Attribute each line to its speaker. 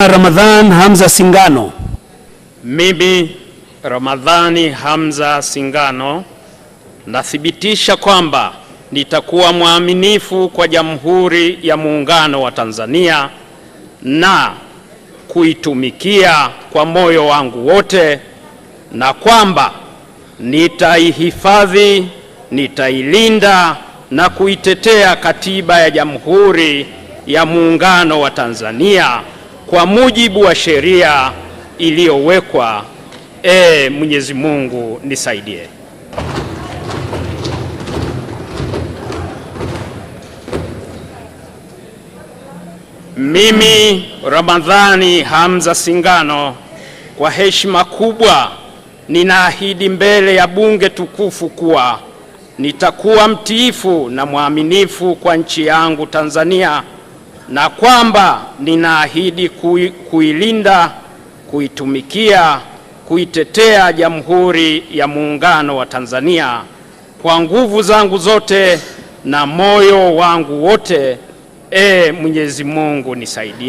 Speaker 1: Ramadhan Hamza Singano. Mimi Ramadhani Hamza Singano nathibitisha kwamba nitakuwa mwaminifu kwa Jamhuri ya Muungano wa Tanzania na kuitumikia kwa moyo wangu wote na kwamba nitaihifadhi, nitailinda na kuitetea Katiba ya Jamhuri ya Muungano wa Tanzania kwa mujibu wa sheria iliyowekwa. E, Mwenyezi Mungu nisaidie. Mimi Ramadhani Hamza Singano kwa heshima kubwa ninaahidi mbele ya bunge tukufu kuwa nitakuwa mtiifu na mwaminifu kwa nchi yangu Tanzania na kwamba ninaahidi kuilinda, kuitumikia, kuitetea Jamhuri ya Muungano wa Tanzania kwa nguvu zangu zote na moyo wangu wote. Ee Mwenyezi Mungu nisaidie.